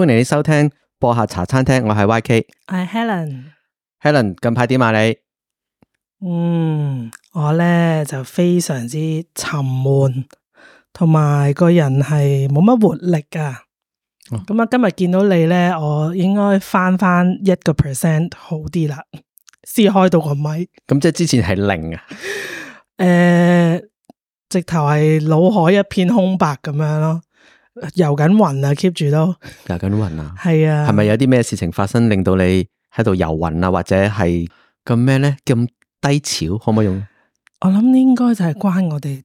歡迎你收聽播客茶餐廳，我係 YK，我係 Helen。Helen，近排點啊你？嗯，我呢就非常之沉悶，同埋個人係冇乜活力噶。咁啊、哦，今日見到你呢，我應該翻翻一個 percent 好啲啦，先開到個咪。咁、嗯、即係之前係零啊？誒、 呃，直頭係腦海一片空白咁樣咯。遊緊魂啊，keep 住都遊緊魂啊，係啊，係咪 有啲咩事情發生令到你喺度遊魂啊，或者係咁咩咧？咁低潮可唔可以用？我諗應該就係關我哋誒、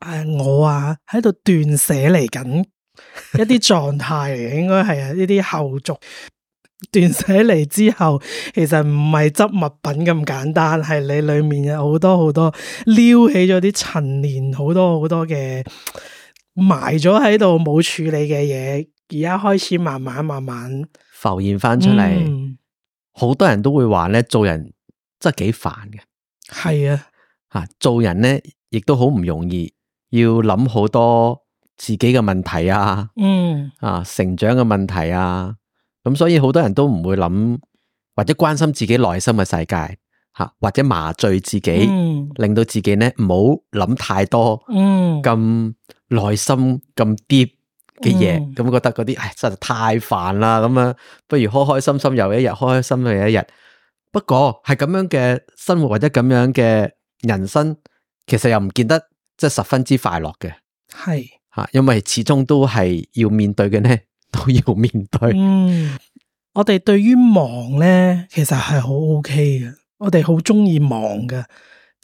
呃、我啊喺度斷捨離緊一啲狀態嚟嘅，應該係啊呢啲後續斷捨離之後，其實唔係執物品咁簡單，係你裏面有好多好多撩起咗啲陳年很多很多很多，好多好多嘅。埋咗喺度冇處理嘅嘢，而家開始慢慢慢慢浮現翻出嚟。嗯、好多人都會話咧，做人真係幾煩嘅。係啊，吓做人咧，亦都好唔容易，要諗好多自己嘅問題啊。嗯，啊，成長嘅問題啊。咁所以好多人都唔會諗或者關心自己內心嘅世界，吓或者麻醉自己，嗯、令到自己咧唔好諗太多。嗯，咁。內心咁 deep 嘅嘢，咁、嗯、覺得嗰啲，唉，實在太煩啦！咁樣，不如開開心心又一日，開開心心又一日。不過係咁樣嘅生活或者咁樣嘅人生，其實又唔見得即係十分之快樂嘅。係吓是，因為始終都係要面對嘅咧，都要面對。嗯，我哋對於忙咧，其實係好 OK 嘅，我哋好中意忙嘅，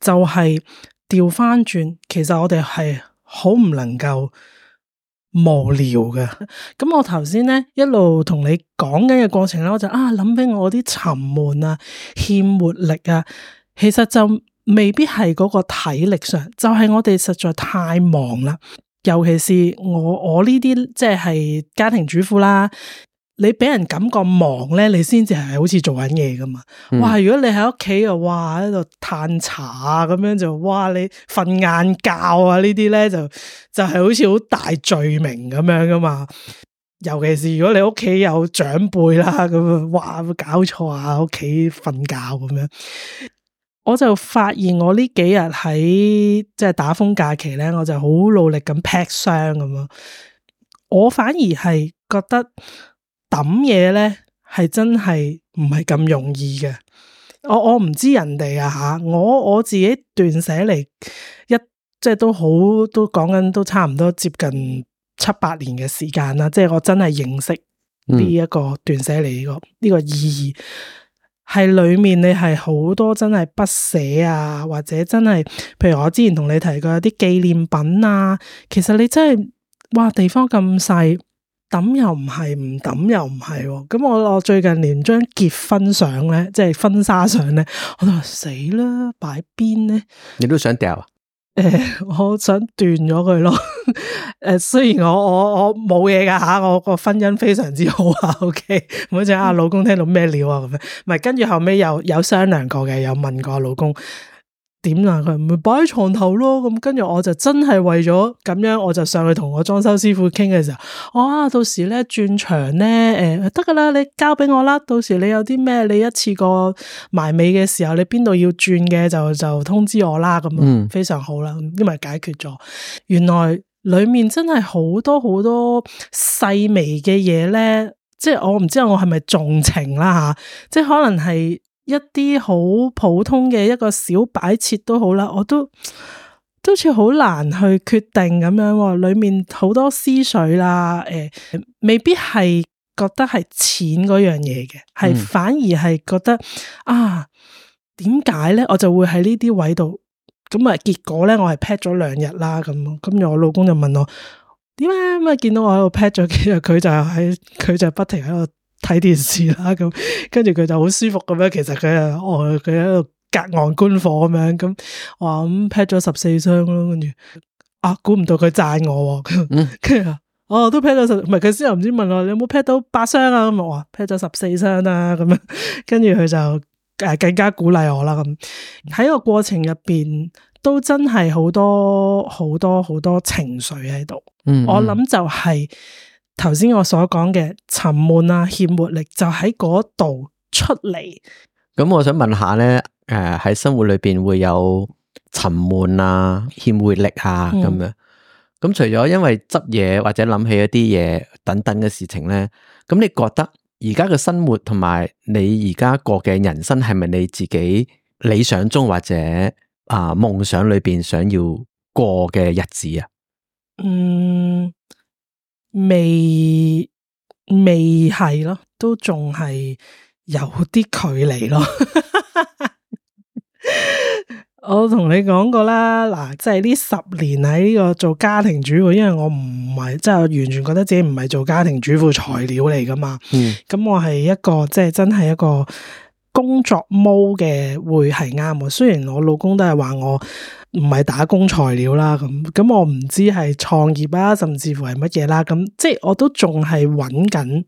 就係調翻轉，其實我哋係。好唔能夠無聊嘅，咁我頭先咧，一路同你講緊嘅過程咧，我就啊諗起我啲沉悶啊、欠活力啊，其實就未必係嗰個體力上，就係我哋實在太忙啦，尤其是我我呢啲即係家庭主婦啦。你俾人感覺忙咧，你先至係好似做緊嘢噶嘛？哇！如果你喺屋企啊，哇喺度嘆茶啊，咁樣就哇你瞓晏覺啊呢啲咧就就是、係好似好大罪名咁樣噶嘛？尤其是如果你屋企有長輩啦，咁樣哇搞錯啊，屋企瞓覺咁樣，我就發現我呢幾日喺即係打風假期咧，我就好努力咁劈箱咁樣，我反而係覺得。抌嘢咧，係真係唔係咁容易嘅。我我唔知人哋啊吓，我、啊、我，我自己斷捨離一，即係都好都講緊都差唔多接近七八年嘅時間啦。即係我真係認識呢一個斷捨離個呢、嗯、個意義，係裏面你係好多真係不捨啊，或者真係，譬如我之前同你提過有啲紀念品啊，其實你真係哇地方咁細。抌又唔係，唔抌又唔係，咁、哦、我我最近連張結婚相咧，即係婚紗相咧，我都話死啦，擺邊咧？你都想掉啊？誒、呃，我想斷咗佢咯。誒、 呃，雖然我我我冇嘢噶吓，我個婚姻非常之好，okay? 啊。O K，好似阿老公聽到咩料啊？咁樣，咪跟住後尾有有商量過嘅，有問過老公。點呀佢，唔會擺喺床頭咯。咁跟住我就真係為咗咁樣，我就上去同我裝修師傅傾嘅時候，啊、哦，到時咧轉牆咧，誒、呃，得噶啦，你交俾我啦。到時你有啲咩，你一次過埋尾嘅時候，你邊度要轉嘅就就通知我啦。咁樣非常好啦，因為解決咗。嗯、原來裏面真係好多好多細微嘅嘢咧，即係我唔知道我係咪重情啦吓，即係可能係。一啲好普通嘅一個小擺設都好啦，我都都似好難去決定咁樣，裏面好多思緒啦，誒、呃，未必係覺得係錢嗰樣嘢嘅，係、嗯、反而係覺得啊，點解咧？我就會喺呢啲位度，咁啊，結果咧，我係 pat 咗兩日啦，咁，咁住我老公就問我點解咁啊，見到我喺度 pat 咗幾日，佢就喺、是，佢就不停喺度。睇電視啦咁，跟住佢就好舒服咁樣。其實佢啊，哦佢喺度隔岸觀火咁樣。咁我話咁 pack 咗十四箱咯，跟住啊，估唔到佢讚我。跟住啊，哦，都 pack 咗十，唔係佢先又唔知問我你有冇 pack 到八箱，箱啊？咁我話 pack 咗十四箱啦，咁樣。跟住佢就誒更加鼓勵我啦。咁喺、啊、個過程入邊，都真係好多好多好多情緒喺度。嗯嗯我諗就係、是。頭先我所講嘅沉悶啊、欠活力就喺嗰度出嚟。咁我想問下咧，誒喺生活裏邊會有沉悶啊、欠活力啊咁樣。咁、嗯、除咗因為執嘢或者諗起一啲嘢等等嘅事情咧，咁、嗯、你覺得而家嘅生活同埋你而家過嘅人生係咪你自己理想中或者啊、呃、夢想裏邊想要過嘅日子啊？嗯。未，未係咯，都仲係有啲距離咯 我。我同你講過啦，嗱，即係呢十年喺呢個做家庭主婦，因為我唔係，即係完全覺得自己唔係做家庭主婦材料嚟㗎嘛。嗯，咁、嗯、我係一個即係真係一個。真工作模式嘅會係啱喎，雖然我老公都係話我唔係打工材料啦，咁咁我唔知係創業呀，甚至乎係乜嘢啦，咁即係我都仲係揾緊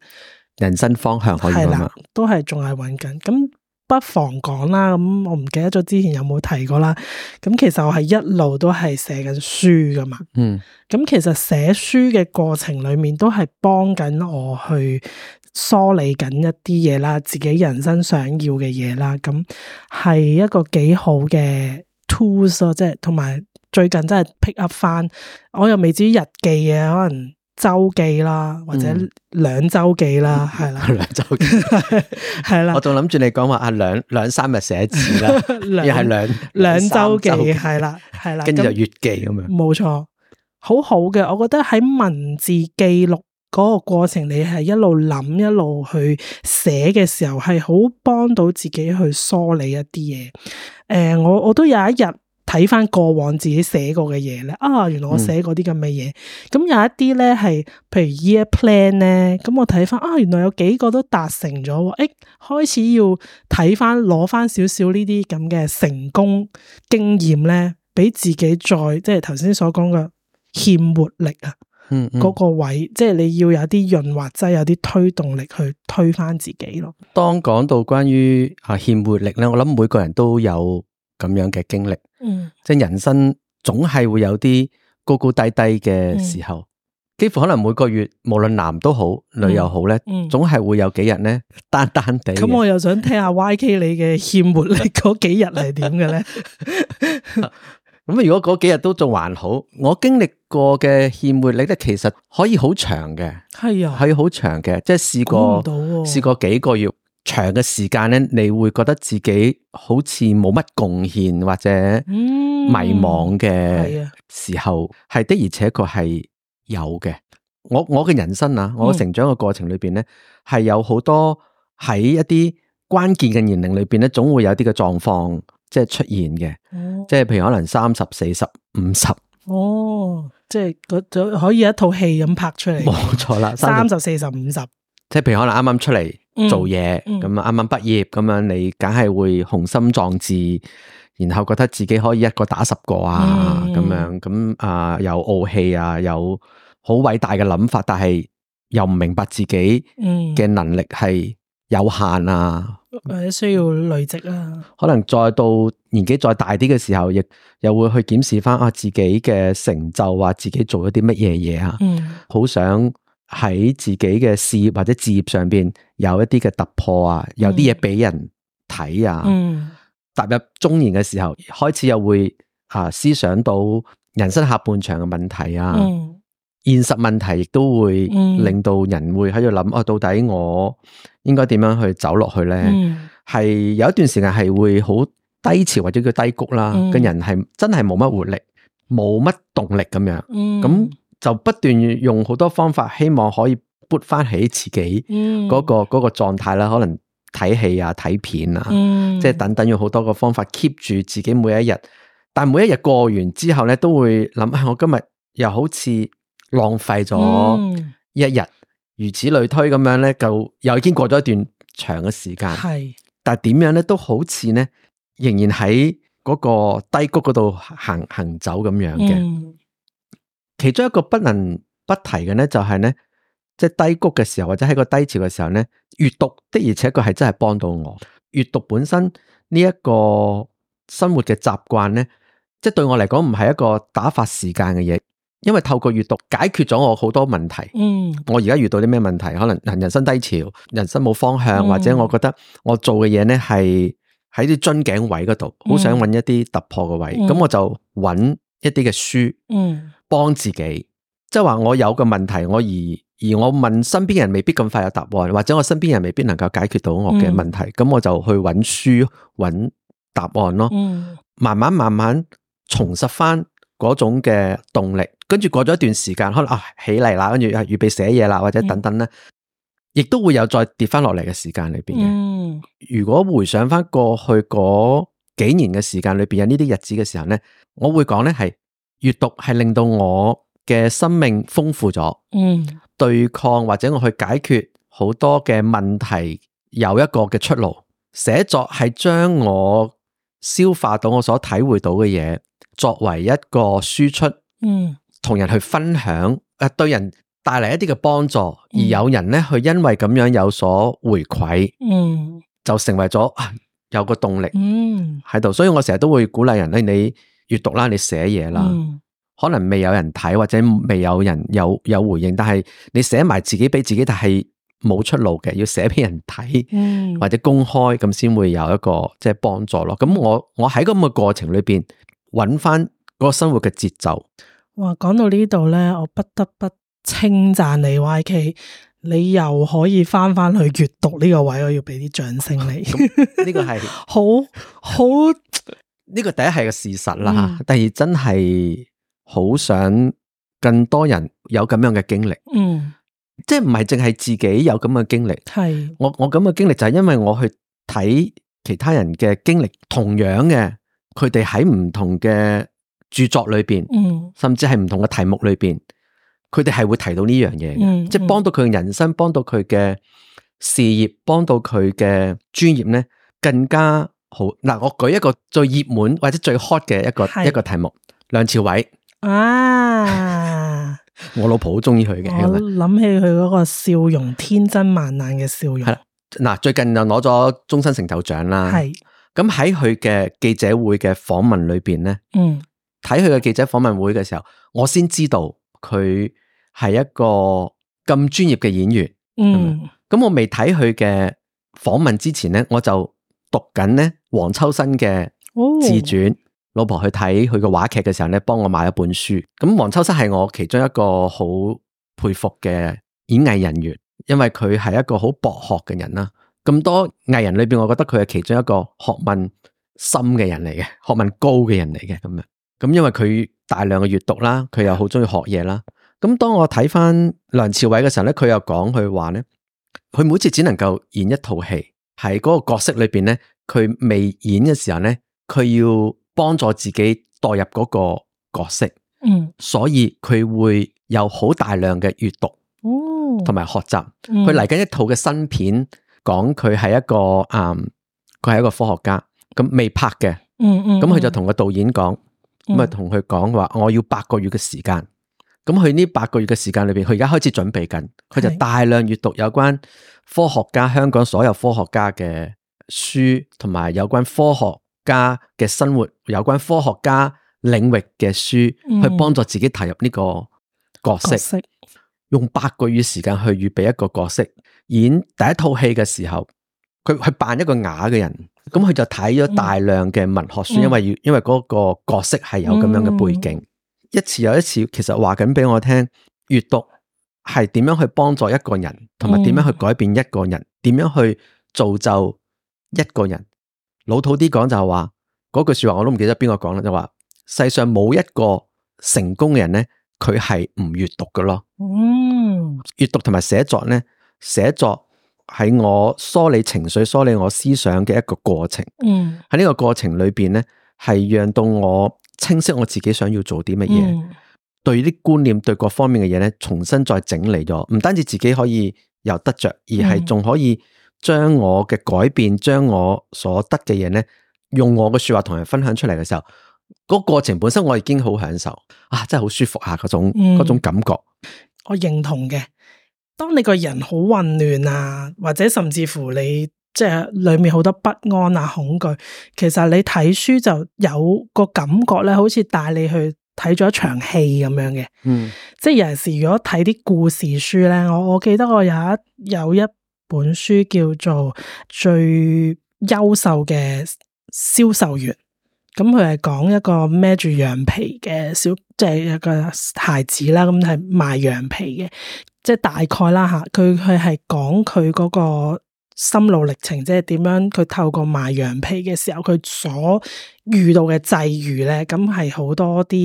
人生方向係啦，都係仲係揾緊，咁不妨講啦，咁我唔記得咗之前有冇提過啦，咁其實我係一路都係寫緊書㗎嘛，嗯，咁其實寫書嘅過程裏面都係幫緊我去。梳理緊一啲嘢啦，自己人生想要嘅嘢啦，咁係一個幾好嘅 tools 咯，即係同埋最近真係 pick up 翻，我又未至於日記嘅可能周記啦，或者兩周記啦，係啦，兩周記係啦， 我仲諗住你講話啊兩兩三日寫字啦，又係兩兩周記係啦，係啦週， 跟住就月記咁樣，冇錯、嗯，錯好好嘅，我覺得喺文字記錄。嗰個過程，你係一路諗，一路去寫嘅時候，係好幫到自己去梳理一啲嘢。誒、呃，我我都有一日睇翻過往自己寫過嘅嘢咧，啊，原來我寫過啲咁嘅嘢。咁、嗯、有一啲咧係，譬如 year plan 咧，咁我睇翻啊，原來有幾個都達成咗。誒，開始要睇翻，攞翻少少呢啲咁嘅成功經驗咧，俾自己再即係頭先所講嘅欠活力啊。嗯，嗰個位，即係你要有啲潤滑劑，有啲推動力去推翻自己咯。當講到關於啊欠活力咧，我諗每個人都有咁樣嘅經歷，嗯，即係人生總係會有啲高高低低嘅時候，嗯、幾乎可能每個月，無論男都好，女又好咧，總係會有幾日咧，單單地。咁、嗯嗯、我又想聽下 YK 你嘅欠活力嗰 幾日係點嘅咧？咁 如果嗰幾日都仲還好，我經歷。過嘅欠活力咧，其實可以好長嘅，係啊，係好長嘅。即係試過試、啊、過幾個月長嘅時間咧，你會覺得自己好似冇乜貢獻或者迷茫嘅時候，係、嗯啊、的而且確係有嘅。我我嘅人生啊，我成長嘅過程裏邊咧，係、嗯、有好多喺一啲關鍵嘅年齡裏邊咧，總會有啲嘅狀況即係出現嘅。嗯、即係譬如可能三十四十五十哦。即係嗰種可以一套戲咁拍出嚟，冇錯啦。三十四十五十，即係譬如可能啱啱出嚟做嘢，咁啊啱啱畢業，咁樣、嗯、你梗係會雄心壯志，然後覺得自己可以一個打十個啊，咁、嗯、樣咁啊、呃、有傲氣啊，有好偉大嘅諗法，但係又唔明白自己嘅能力係有限啊。嗯嗯或者需要累積啦、啊，可能再到年紀再大啲嘅時候，亦又會去檢視翻啊自己嘅成就，話自己做咗啲乜嘢嘢啊，好、嗯、想喺自己嘅事業或者置業上邊有一啲嘅突破啊，有啲嘢俾人睇啊，嗯、踏入中年嘅時候，開始又會啊思想到人生下半場嘅問題啊。嗯嗯現實問題亦都會令到人會喺度諗啊，到底我應該點樣去走落去咧？係有一段時間係會好低潮或者叫低谷啦，嘅人係真係冇乜活力、冇乜動力咁樣。咁就不斷用好多方法，希望可以撥翻起自己嗰個嗰個狀態啦。可能睇戲啊、睇片啊，即係等等用好多個方法 keep 住自己每一日。但每一日過完之後咧，都會諗啊，我今日又好似。浪費咗一日，天天如此類推咁樣咧，就又已經過咗一段長嘅時間。係，但係點樣咧，都好似咧，仍然喺嗰個低谷嗰度行行走咁樣嘅。嗯、其中一個不能不提嘅咧，就係咧，即係低谷嘅時候，或者喺個低潮嘅時候咧，閱讀的而且確係真係幫到我。閱讀本身呢一個生活嘅習慣咧，即係對我嚟講唔係一個打發時間嘅嘢。因為透過閱讀解決咗我好多問題。嗯，我而家遇到啲咩問題？可能人人生低潮，人生冇方向，嗯、或者我覺得我做嘅嘢咧係喺啲樽頸位嗰度，好、嗯、想揾一啲突破嘅位。咁、嗯、我就揾一啲嘅書，嗯，幫自己。即係話我有個問題，我而而我問身邊人未必咁快有答案，或者我身邊人未必能夠解決到我嘅問題。咁、嗯、我就去揾書揾答案咯、嗯。慢慢慢慢重拾翻，嗰種嘅動力，跟住過咗一段時間，可能啊起嚟啦，跟住啊預備寫嘢啦，或者等等咧，亦、嗯、都會有再跌翻落嚟嘅時間裏邊嘅。如果回想翻過去嗰幾年嘅時間裏邊有呢啲日子嘅時候咧，我會講咧係閱讀係令到我嘅生命豐富咗，嗯，對抗或者我去解決好多嘅問題有一個嘅出路，寫作係將我消化到我所體會到嘅嘢。作為一個輸出，嗯，同人去分享，誒，對人帶嚟一啲嘅幫助，而有人咧去因為咁樣有所回饋，嗯，就成為咗有個動力，嗯，喺度。所以我成日都會鼓勵人咧，你閱讀啦，你寫嘢啦，嗯，可能未有人睇或者未有人有有回應，但係你寫埋自己俾自己，但係冇出路嘅，要寫俾人睇，嗯，或者公開咁先會有一個即係幫助咯。咁我我喺咁嘅過程裏邊。搵翻嗰個生活嘅節奏。哇，講到呢度咧，我不得不稱讚你，YK，你又可以翻翻去閱讀呢個位，我要俾啲掌聲你。呢 個係是 好好，呢個第一係個事實啦，吓、嗯。第二真係好想更多人有咁樣嘅經歷。嗯，即係唔係淨係自己有咁嘅經歷。係是我我咁嘅經歷就係因為我去睇其他人嘅經歷同樣嘅。佢哋喺唔同嘅著作裏邊，嗯、甚至係唔同嘅題目裏邊，佢哋係會提到呢樣嘢嘅，嗯嗯、即係幫到佢嘅人生，幫到佢嘅事業，幫到佢嘅專業咧，更加好。嗱，我舉一個最熱門或者最 hot 嘅一個是一個題目，梁朝偉啊， 我老婆好中意佢嘅，我諗起佢嗰個笑容天真燦爛嘅笑容。係啦，嗱，最近又攞咗終身成就獎啦。係是。咁喺佢嘅記者會嘅訪問裏邊咧，睇佢嘅記者訪問會嘅時候，我先知道佢係一個咁專業嘅演員。咁、嗯、我未睇佢嘅訪問之前咧，我就讀緊咧黃秋生嘅自傳。哦、老婆去睇佢個話劇嘅時候咧，幫我買一本書。咁黃秋生係我其中一個好佩服嘅演藝人員，因為佢係一個好博學嘅人啦。咁多藝人裏邊，我覺得佢係其中一個學問深嘅人嚟嘅，學問高嘅人嚟嘅咁樣。咁因為佢大量嘅閱讀啦，佢又好中意學嘢啦。咁當我睇翻梁朝偉嘅時候咧，佢又講佢話咧，佢每次只能夠演一套戲，喺嗰個角色裏邊咧，佢未演嘅時候咧，佢要幫助自己代入嗰個角色。嗯，所以佢會有好大量嘅閱讀，哦，同埋學習。佢嚟緊一套嘅新片，講佢係一個誒，佢、嗯、係一個科學家，咁未拍嘅、嗯，嗯嗯，咁佢就同個導演講，咁啊同佢講話我要八個月嘅時間，咁佢呢八個月嘅時間裏邊，佢而家開始準備緊，佢就大量閱讀有關科學家、香港所有科學家嘅書，同埋有，有關科學家嘅生活、有關科學家領域嘅書，嗯、去幫助自己投入呢個角色，嗯嗯、用八個月時間去預備一個角色。演第一套戲嘅時候，佢去扮一個啞嘅人，咁佢就睇咗大量嘅文學書，嗯嗯、因為要因為嗰個角色係有咁樣嘅背景。嗯、一次又一次，其實話緊俾我聽，閱讀係點樣去幫助一個人，同埋點樣去改變一個人，點樣去造就一個人。嗯、老土啲講就係話，嗰句說話我都唔記得邊個講啦，就話、是、世上冇一個成功嘅人咧，佢係唔閱讀嘅咯。嗯，閱讀同埋寫作咧。寫作喺我梳理情緒、梳理我思想嘅一個過程。喺呢、嗯、個過程裏邊咧，係讓到我清晰我自己想要做啲乜嘢，嗯、對啲觀念、對各方面嘅嘢咧，重新再整理咗。唔單止自己可以有得着，而係仲可以將我嘅改變、將我所得嘅嘢咧，用我嘅說話同人分享出嚟嘅時候，嗰、嗰個、過程本身我已經好享受啊！真係好舒服啊，嗰種、嗯、嗰種感覺，我認同嘅。當你個人好混亂啊，或者甚至乎你即係裏面好多不安啊、恐懼，其實你睇書就有個感覺咧，好似帶你去睇咗一場戲咁樣嘅。嗯，即係有陣時如果睇啲故事書咧，我我記得我有一有一本書叫做《最優秀嘅銷售員》，咁佢係講一個孭住羊皮嘅小，即係一個孩子啦，咁、嗯、係賣羊皮嘅。即係大概啦吓，佢佢係講佢嗰個心路歷程，即係點樣佢透過賣羊皮嘅時候，佢所遇到嘅際遇咧，咁係好多啲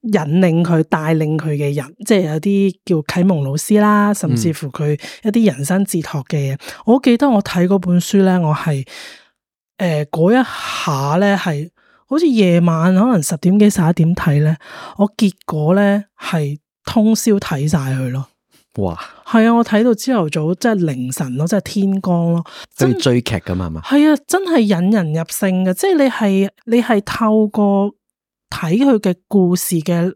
引領佢帶領佢嘅人，即係有啲叫啟蒙老師啦，甚至乎佢一啲人生哲學嘅嘢。嗯、我記得我睇嗰本書咧，我係誒嗰一下咧係好似夜晚可能十點幾十一點睇咧，我結果咧係通宵睇晒佢咯。哇，係啊！我睇到朝頭早即係凌晨咯，即係天光咯，都要追劇咁啊嘛！係啊，真係引人入勝嘅，即係你係你係透過睇佢嘅故事嘅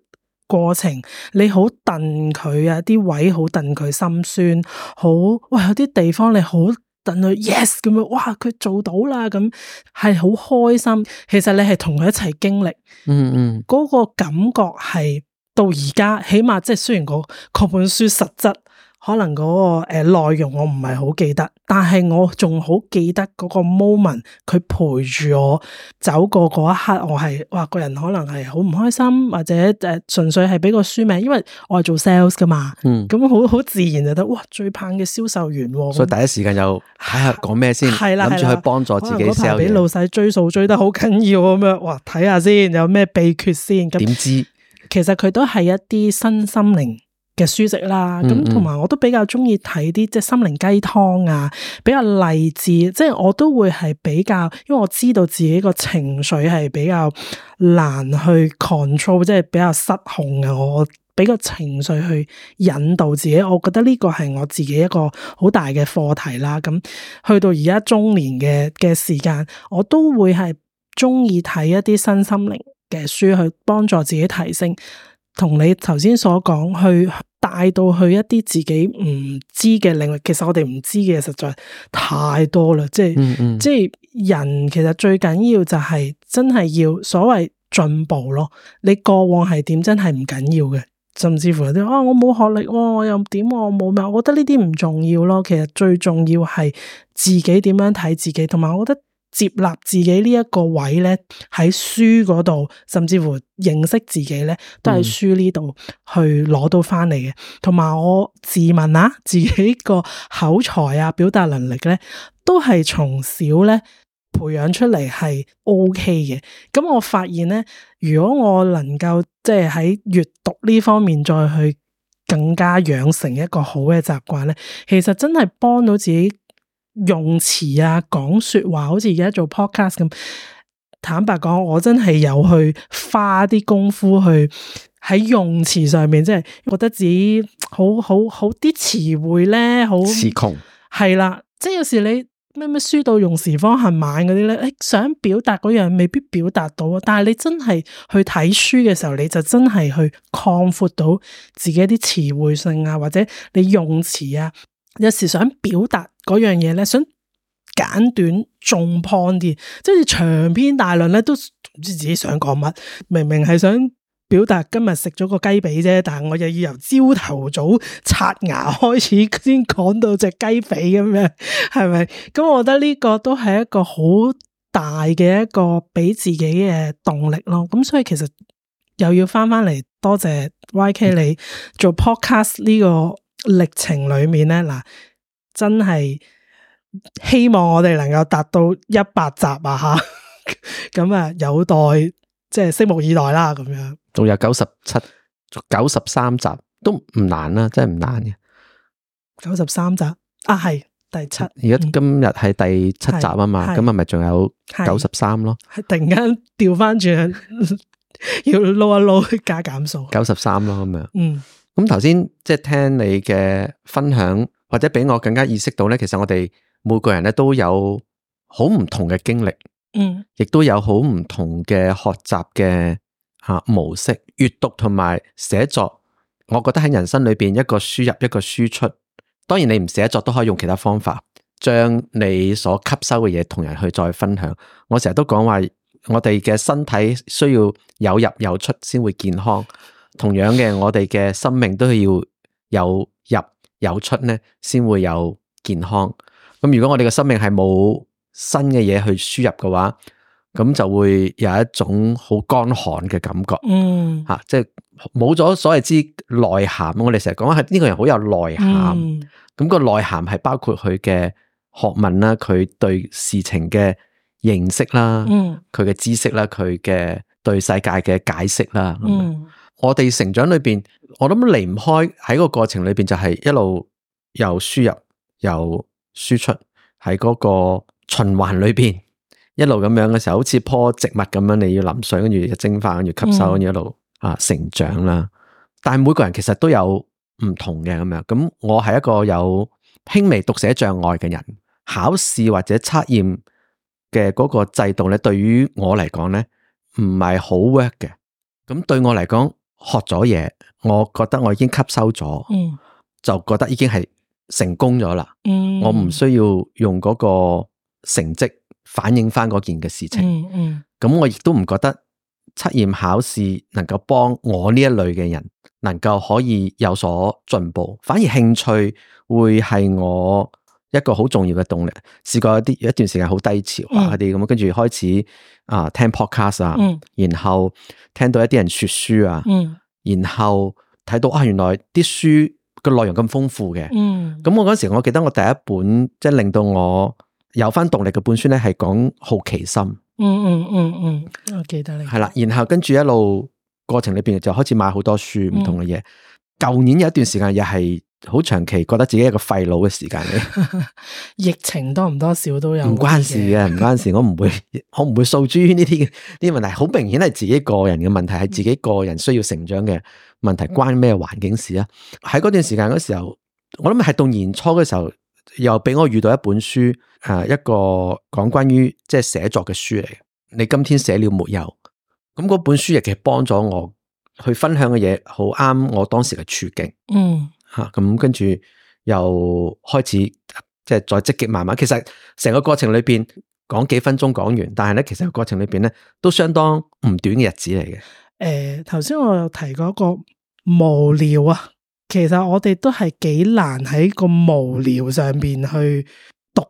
過程，你好戥佢啊，啲位好戥佢心酸，好哇有啲地方你好戥佢 yes 咁樣，哇佢做到啦咁，係好開心。其實你係同佢一齊經歷，嗯嗯，嗰個感覺係。到而家，起碼即係雖然個嗰本書實質可能嗰個誒內容我唔係好記得，但係我仲好記得嗰個 moment，佢陪住我走過嗰一刻我，我係哇個人可能係好唔開心，或者誒純粹係俾個書名，因為我係做 sales 噶嘛，嗯，咁好好自然就得，哇最棒嘅銷售員，啊，所以第一時間又睇下講咩先，係、啊、啦，諗住去幫助自己 sales，俾老細追數追得好緊要咁樣，哇睇下先有咩秘訣先，咁點知？其實佢都係一啲新心靈嘅書籍啦，咁同埋我都比較中意睇啲即係心靈雞湯啊，比較勵志，即係我都會係比較，因為我知道自己個情緒係比較難去 control，即係比較失控嘅。我俾個情緒去引導自己，我覺得呢個係我自己一個好大嘅課題啦。咁去到而家中年嘅嘅時間，我都會係中意睇一啲新心靈。嘅書去幫助自己提升，同你頭先所講去帶到去一啲自己唔知嘅領域，其實我哋唔知嘅嘢實在太多啦。即係、嗯嗯、即係人其實最緊要就係真係要所謂進步咯。你過往係點真係唔緊要嘅，甚至乎有啲、啊、哦，我冇學歷我又點我冇咩，我覺得呢啲唔重要咯。其實最重要係自己點樣睇自己，同埋我覺得。接納自己呢一個位咧，喺書嗰度，甚至乎認識自己咧，都係書呢度去攞到返嚟嘅。同埋、嗯、我自問啊，自己個口才啊、表達能力咧，都係從小咧培養出嚟係 OK 嘅。咁我發現咧，如果我能夠即係喺閱讀呢方面再去更加養成一個好嘅習慣咧，其實真係幫到自己。用詞啊，講說話，好似而家做 podcast 咁。坦白講，我真係有去花啲功夫去喺用詞上面，即係覺得自己好好好啲詞彙咧，好詞窮。係啦，即係有時你咩咩書到用時方恨晚嗰啲咧，誒，想表達嗰樣未必表達到，啊。但係你真係去睇書嘅時候，你就真係去擴闊到自己啲詞彙性啊，或者你用詞啊。有時想表達嗰樣嘢咧，想簡短、中 point 啲，即係長篇大論咧都唔知自己想講乜。明明係想表達今日食咗個雞髀啫，但係我又要由朝頭早刷牙開始先講到隻雞髀咁樣，係咪？咁我覺得呢個都係一個好大嘅一個俾自己嘅動力咯。咁所以其實又要翻翻嚟，多謝 YK 你做 podcast 呢個歷程裏面咧，嗱，真係希望我哋能夠達到一百集啊！吓，咁啊，有待即係、就是、拭目以待啦，咁樣97。仲有九十七、九十三集都唔難啦，真係唔難嘅。九十三集啊，係第七。而、嗯、家今日係第七集啊嘛，咁啊是，咪仲有九十三咯。係突然間調翻轉， 要撈一撈加減數九十三咯，咁樣。嗯。咁頭先即係聽你嘅分享，或者俾我更加意識到咧，其實我哋每個人咧都有好唔同嘅經歷，嗯，亦都有好唔同嘅學習嘅吓模式，閱讀同埋寫作。我覺得喺人生裏邊一個輸入一個輸出，當然你唔寫作都可以用其他方法，將你所吸收嘅嘢同人去再分享。我成日都講話，我哋嘅身體需要有入有出先會健康。同樣嘅，我哋嘅生命都要有入有出呢，先會有健康。咁如果我哋嘅生命係冇新嘅嘢去輸入嘅話，咁就會有一種好乾寒嘅感覺。嗯，吓、啊，即係冇咗所謂之內涵。我哋成日講係呢個人好有內涵。咁、嗯、個內涵係包括佢嘅學問啦，佢對事情嘅認識啦，佢嘅、嗯、知識啦，佢嘅對世界嘅解釋啦。嗯是我哋成長裏邊，我諗離唔開喺個過程裏邊，就係一路又輸入又輸出喺嗰個循環裏邊，一路咁樣嘅時候，好似樖植物咁樣，你要淋水，跟住蒸化，跟住吸收，跟住一路啊成長啦。但係每個人其實都有唔同嘅咁樣。咁我係一個有輕微讀寫障礙嘅人，考試或者測驗嘅嗰個制度咧，對於我嚟講咧唔係好 work 嘅。咁對我嚟講。學咗嘢，我覺得我已經吸收咗，嗯、就覺得已經係成功咗啦。嗯、我唔需要用嗰個成績反映翻嗰件嘅事情。咁、嗯嗯、我亦都唔覺得測驗考試能夠幫我呢一類嘅人能夠可以有所進步，反而興趣會係我。一個好重要嘅動力，試過有啲有一段時間好低潮啊，嗰啲咁，跟住開始啊聽 podcast 啊，嗯、然後聽到一啲人說書啊，嗯、然後睇到啊，原來啲書個內容咁豐富嘅，咁、嗯、我嗰時我記得我第一本即係令到我有翻動力嘅本書咧，係講好奇心，嗯嗯嗯嗯，嗯，我記得你係啦，然後跟住一路過程裏邊就開始買好多書唔同嘅嘢，舊、嗯、年有一段時間又係。好長期覺得自己係個廢佬嘅時間嚟。 疫情多唔多少都有，有，唔 關事嘅，唔關事，我唔會，我唔會訴諸於呢啲呢啲問題。好明顯係自己個人嘅問題，係自己個人需要成長嘅問題，關咩環境事啊？喺嗰段時間嗰時候，我諗係到年初嘅時候，又俾我遇到一本書，誒、啊，一個講關於即係寫作嘅書嚟。你今天寫了沒有？咁嗰本書亦其實幫咗我去分享嘅嘢，好啱我當時嘅處境。嗯。吓咁、啊，跟住又開始即係再積極慢慢。其實成個過程裏邊講幾分鐘講完，但係咧，其實個過程裏邊咧都相當唔短嘅日子嚟嘅。誒、呃，頭先我又提嗰個無聊啊，其實我哋都係幾難喺個無聊上邊去獨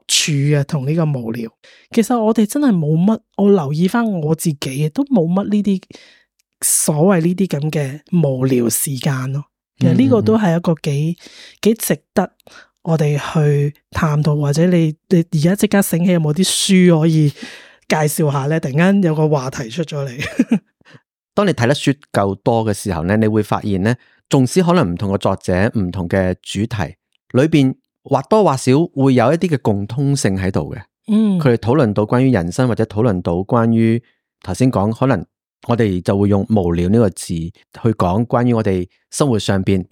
處啊。同呢個無聊。其實我哋真係冇乜，我留意翻我自己，都冇乜呢啲所謂呢啲咁嘅無聊時間咯、啊。其實呢個都係一個幾幾值得我哋去探討，或者你你而家即刻醒起有冇啲書可以介紹下咧？突然間有個話題出咗嚟。當你睇得書夠多嘅時候咧，你會發現咧，縱使可能唔同嘅作者、唔同嘅主題，裏邊或多或少會有一啲嘅共通性喺度嘅。嗯，佢哋討論到關於人生或者討論到關於頭先講可能。我哋就會用無聊呢個字去講關於我哋生活上邊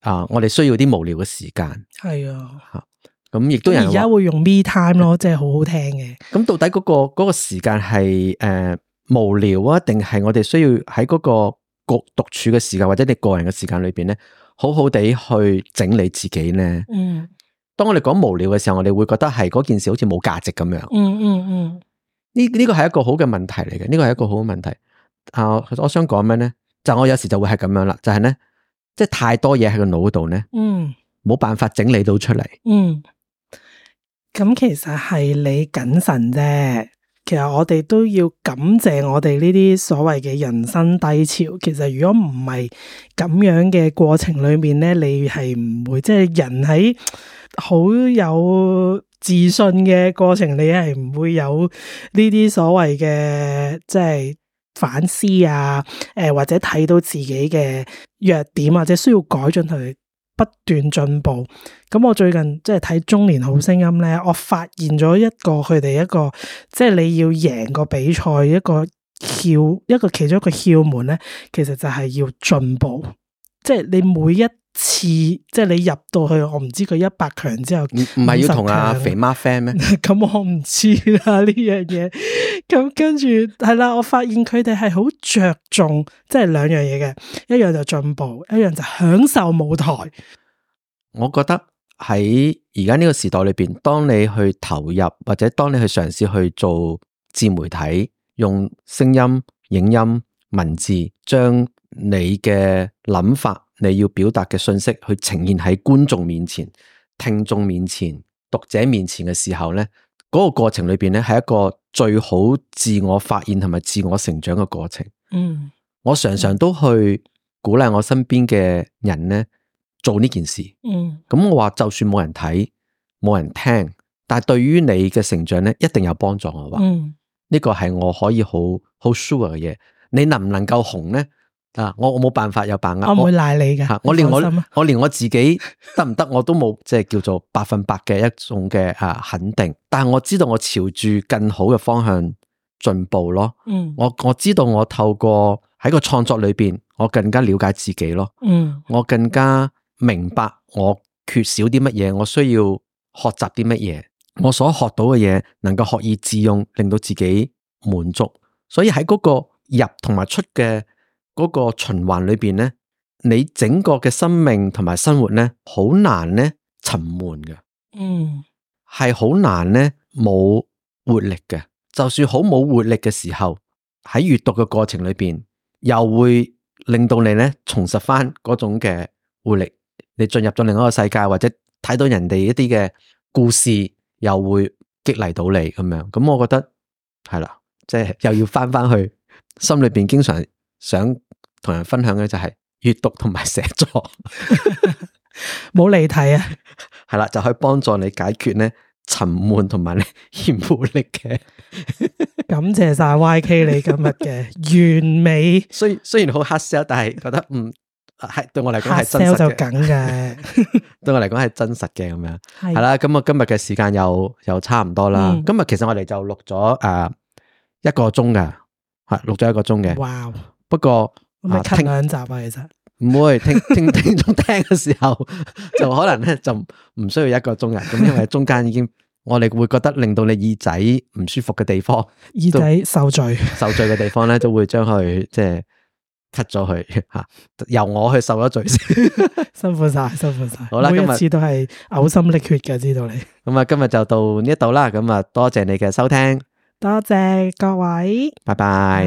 啊，我哋需要啲無聊嘅時間係的啊，吓咁亦都有而家會用 me time 咯的，即係好好聽嘅。咁到底嗰個嗰個時間係誒無聊啊，定係我哋需要喺嗰個個獨處嘅時間，或者你個人嘅時間裏邊咧，好好地去整理自己咧？嗯，當我哋講無聊嘅時候，我哋會覺得係嗰件事好似冇價值咁樣。嗯嗯嗯，呢呢個係一個好嘅問題嚟嘅，呢個係一個好嘅問題。啊、哦，我想講咩咧？就我有時就會係咁樣啦，就係、是、咧，即係太多嘢喺個腦度咧，嗯，冇辦法整理到出嚟、嗯，嗯。咁其實係你謹慎啫。其實我哋都要感謝我哋呢啲所謂嘅人生低潮。其實如果唔係咁樣嘅過程裏面咧，你係唔會即係人喺好有自信嘅過程，你係唔會有呢啲所謂嘅即係。反思啊，誒、呃、或者睇到自己嘅弱點、啊、或者需要改進去不斷進步。咁我最近即係睇中年好聲音咧，我發現咗一個佢哋一個即係你要贏個比賽一個竅一個其中一個竅門咧，其實就係要進步。即係你每一次即係你入到去，我唔知佢一百強之後唔係要同阿、啊、肥媽 friend 咩？咁 我唔知啦呢樣嘢。咁跟住係啦，我發現佢哋係好着重，即係兩樣嘢嘅，一樣就進步，一樣就享受舞台。我覺得喺而家呢個時代裏邊，當你去投入或者當你去嘗試去做自媒體，用聲音、影音、文字，將你嘅諗法、你要表達嘅信息去呈現喺觀眾面前、聽眾面前、讀者面前嘅時候咧。嗰個過程裏邊咧，係一個最好自我發現同埋自我成長嘅過程。嗯，我常常都去鼓勵我身邊嘅人咧，做呢件事。嗯，咁我話就算冇人睇、冇人聽，但係對於你嘅成長咧，一定有幫助我話，嗯，呢個係我可以好好 sure 嘅嘢。你能唔能夠紅咧？啊！我我冇辦法有把握，我唔會賴你嘅。我連我放心、啊、我連我自己得唔得我都冇，即係叫做百分百嘅一種嘅啊肯定。但係我知道我朝住更好嘅方向進步咯。嗯我，我我知道我透過喺個創作裏邊，我更加了解自己咯。嗯，我更加明白我缺少啲乜嘢，我需要學習啲乜嘢，嗯、我所學到嘅嘢能夠學以致用，令到自己滿足。所以喺嗰個入同埋出嘅。嗰個循環裏邊咧，你整個嘅生命同埋生活咧，好難咧沉悶嘅，嗯，係好難咧冇活力嘅。就算好冇活力嘅時候，喺閱讀嘅過程裏邊，又會令到你咧重拾翻嗰種嘅活力。你進入咗另一個世界，或者睇到人哋一啲嘅故事，又會激勵到你咁樣。咁我覺得係啦，即係、就是、又要翻翻去心裏邊，經常、嗯。想同人分享嘅，就係閱讀同埋寫作，冇離題啊！係啦，就可以幫助你解決咧沉悶同埋咧嫌無力嘅。感謝晒 YK 你今日嘅完美。雖雖然好黑 sell，但係覺得唔係對我嚟講係真實嘅。黑 sell 就咁嘅，對我嚟講係真實嘅咁樣。係啦，咁啊今日嘅時間又又差唔多啦。今日其實我哋就錄咗誒一個鐘嘅，係錄咗一個鐘嘅。哇！不過，我咪 cut 兩集啊！其實唔會聽聽聽眾聽嘅時候，就可能咧就唔需要一個鐘啊。咁因為中間已經，我哋會覺得令到你耳仔唔舒服嘅地方，耳仔受罪、受罪嘅地方咧，都會將佢即係 cut 咗佢吓，由我去受咗罪先，辛苦晒，辛苦晒。好啦，今次都係嘔心瀝血嘅，知道你。咁啊，今日就到呢一度啦。咁啊，多謝你嘅收聽，多謝各位，拜拜。